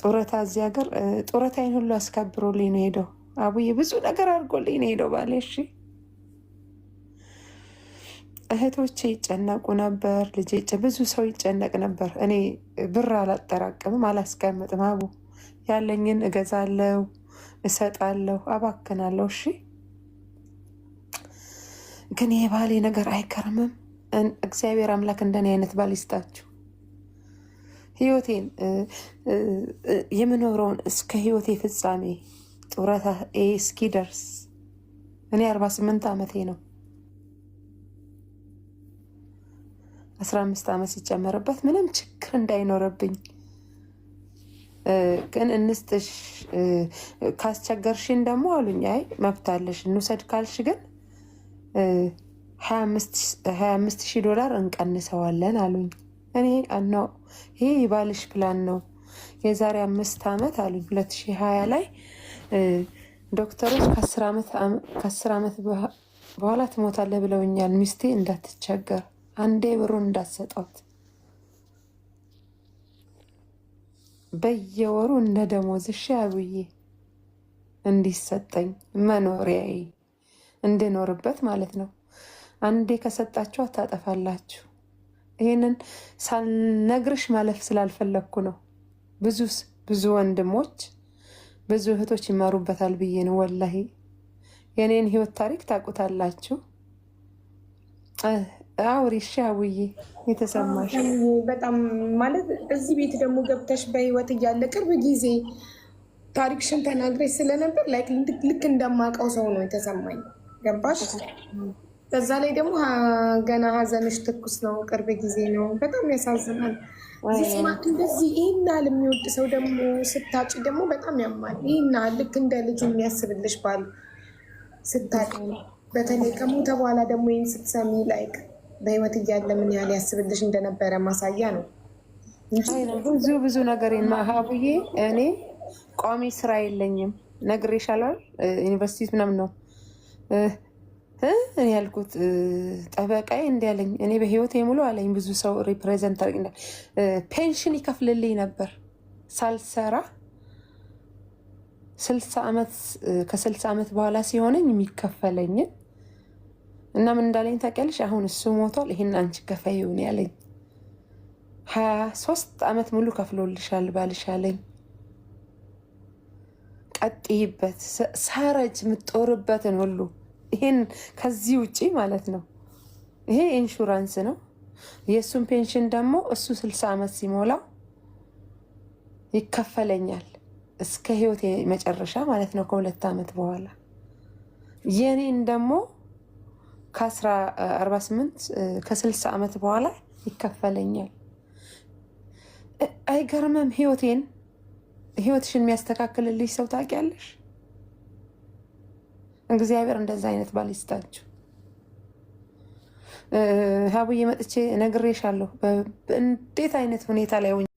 ጡረታ እዚህ ሀገር ጡረታዬን ሁሉ አስከብሮልኝ ነው ሄደው። አቡዬ ብዙ ነገር አድርጎልኝ ነው ሄደው ባሌ። እሺ እህቶቼ ይጨነቁ ነበር። ልጄ ብዙ ሰው ይጨነቅ ነበር። እኔ ብር አላጠራቅምም፣ አላስቀምጥም። አቡ ያለኝን እገዛለው እሰጣለሁ፣ አባክናለሁ። እሺ ግን ይሄ ባሌ ነገር አይከርምም። እግዚአብሔር አምላክ እንደኔ አይነት ባል ይስጣችሁ። ህይወቴን የምኖረውን እስከ ህይወቴ ፍጻሜ ጡረታ እስኪደርስ እኔ አርባ ስምንት ዓመቴ ነው። አስራ አምስት ዓመት ሲጨመርበት ምንም ችግር እንዳይኖረብኝ ግን እንስጥሽ ካስቸገርሽን ደግሞ አሉኝ። አይ መብታለሽ እንውሰድ ካልሽ ግን ሀያ አምስት ሺህ ዶላር እንቀንሰዋለን አሉኝ። እኔ ኖ ይሄ የባልሽ ፕላን ነው። የዛሬ አምስት ዓመት አሉ ሁለት ሺህ ሀያ ላይ ዶክተሮች ከአስር ዓመት በኋላ ትሞታለህ ብለውኛል። ሚስቴ እንዳትቸገር አንዴ ብሩን እንዳትሰጣት በየወሩ እንደ ደሞዝሽ አብዬ እንዲሰጠኝ መኖሪያዬ እንድኖርበት ማለት ነው። አንዴ ከሰጣችሁ አታጠፋላችሁ። ይሄንን ሳልነግርሽ ማለፍ ስላልፈለግኩ ነው። ብዙ ብዙ ወንድሞች ብዙ እህቶች ይማሩበታል ብዬ ነው። ወላሂ የእኔን ህይወት ታሪክ ታውቁታላችሁ። አውሪ እሺ። አውዬ የተሰማሽ በጣም ማለት እዚህ ቤት ደግሞ ገብተሽ በህይወት እያለ ቅርብ ጊዜ ታሪክሽን ተናግረሽ ስለነበር ልክ እንደማውቀው ሰው ነው የተሰማኝ። ገባሽ? በዛ ላይ ደግሞ ገና ሀዘንሽ ትኩስ ነው፣ ቅርብ ጊዜ ነው። በጣም ያሳዝናል። እንደዚህ ይህና የሚወድ ሰው ደግሞ ስታጭ ደግሞ በጣም ያማል። ይህና ልክ እንደ ልጅ የሚያስብልሽ ባል ስታጭ፣ በተለይ ከሞተ በኋላ ደግሞ ይህን ስትሰሚ ላይክ በህይወት እያለ ምን ያህል ያስብልሽ እንደነበረ ማሳያ ነው። ብዙ ብዙ ነገር ሀቡዬ፣ እኔ ቋሚ ስራ የለኝም ነግሬሻለሁ። ዩኒቨርሲቲ ምናምን ነው እኔ ያልኩት ጠበቃዬ እንዲያለኝ እኔ በህይወት የሙሉ አለኝ ብዙ ሰው ሪፕሬዘንት አርግ ፔንሽን ይከፍልልኝ ነበር ሳልሰራ ከስልሳ ዓመት በኋላ ሲሆነኝ የሚከፈለኝን እና ምን እንዳለኝ ታውቂያለሽ? አሁን እሱ ሞቷል፣ ይህን አንቺ ከፈይው ያለኝ። ሀያ ሶስት ዓመት ሙሉ ከፍሎልሻል ባልሽ አለኝ። ቀጥይበት፣ ሳረጅ የምትጦርበትን ሁሉ ይሄን ከዚህ ውጪ ማለት ነው። ይሄ ኢንሹራንስ ነው። የእሱን ፔንሽን ደግሞ እሱ ስልሳ ዓመት ሲሞላው ይከፈለኛል እስከ ህይወት መጨረሻ ማለት ነው ከሁለት ዓመት በኋላ የኔን ደግሞ ከ አርባ ከ60 ዓመት በኋላ ይከፈለኛል። አይገርምም? ህይወቴን ህይወትሽን የሚያስተካክልልሽ ሰው ታውቂያለሽ? እግዚአብሔር እንደዛ አይነት ባል ይስጣችሁ። ሀቡዬ መጥቼ ነግሬሻለሁ፣ እንዴት አይነት ሁኔታ ላይ